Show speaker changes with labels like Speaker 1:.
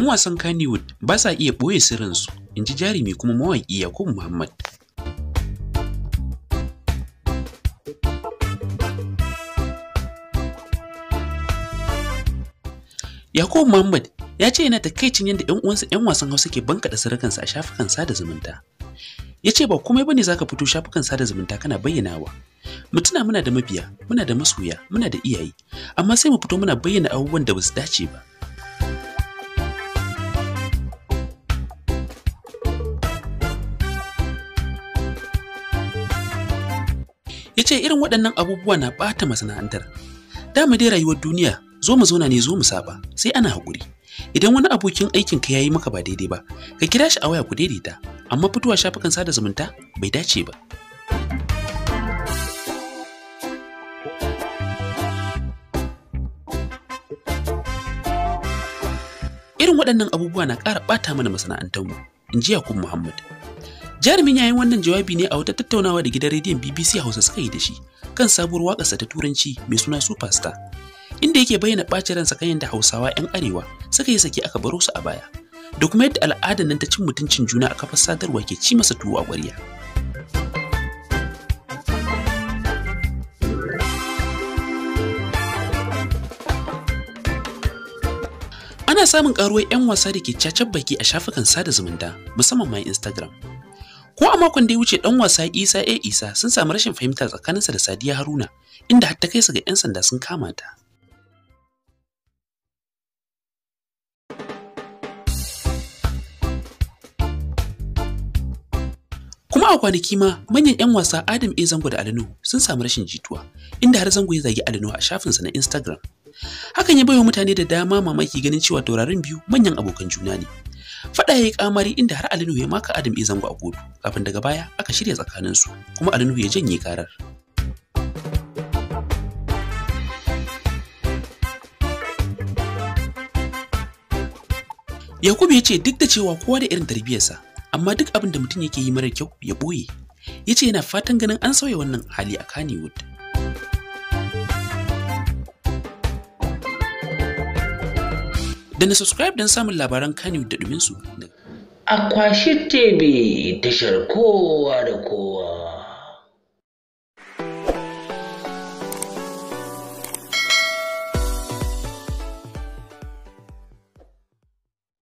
Speaker 1: 'Yan wasan Kannywood ba sa iya ɓoye sirrinsu, in ji jarumi kuma mawaƙi Yakubu Muhammad. Yakubu Muhammad ya ce yana takaicin yadda 'yan uwansa 'yan wasan Hausa ke bankaɗa sirrikansa a shafukan sada zumunta. Ya ce ba komai ba bane zaka fito shafukan sada zumunta kana bayyanawa. Mu tuna muna da mabiya, muna da masoya, muna da iyaye, amma sai mu fito muna bayyana abubuwan da ba su dace ba. ya ce irin waɗannan abubuwa na ɓata masana'antar da mu dai rayuwar duniya zo mu zauna ne zo mu saba sai ana haƙuri idan wani abokin aikin ka yayi maka ba daidai ba ka kira shi a waya ku daidaita amma fitowa shafukan sada zumunta bai dace ba irin waɗannan abubuwa na ƙara ɓata mana masana'antarmu in ji Kun muhammad jarumin yayin wannan jawabi ne a wata tattaunawa da gidan rediyon bbc hausa suka yi da shi kan sabuwar waƙarsa ta turanci mai suna superstar inda yake bayyana ɓacin ransa kan yadda hausawa 'yan arewa suka yi sake aka baro su a baya da kuma yadda al'adar nan ta cin mutuncin juna a kafar sadarwa ke ci masa tuwo a ƙwarya ana samun karuwar 'yan wasa da ke caca baki a shafukan sada zumunta musamman ma instagram Ko a makon da ya wuce dan wasa Isa A Isa sun samu rashin fahimta tsakaninsa da Sadiya Haruna inda har ta kai su ga 'yan sanda sun kama ta. Kuma a kwanaki ma manyan 'yan wasa Adam A Zango da Alinu sun samu rashin jituwa inda har Zango ya zagi Alinu a shafinsa na Instagram. Hakan ya baiwa mutane da dama mamaki ganin cewa taurarin biyu manyan abokan juna ne. Faɗa ya yi kamari inda har alinu ya maka Adam ya zango a kudu, kafin daga baya aka shirya tsakaninsu, kuma Nuhu ya janye karar. Yakubu ya ce duk da cewa kowa da irin tarbiyyarsa, amma duk abin da mutum yake yi mara kyau ya boye. Ya ce yana fatan ganin an sauya wannan hali a Kannywood. da na subscribe don samun labaran kanyu da ɗuminsu. Akwashi tebe tashar kowa da kowa.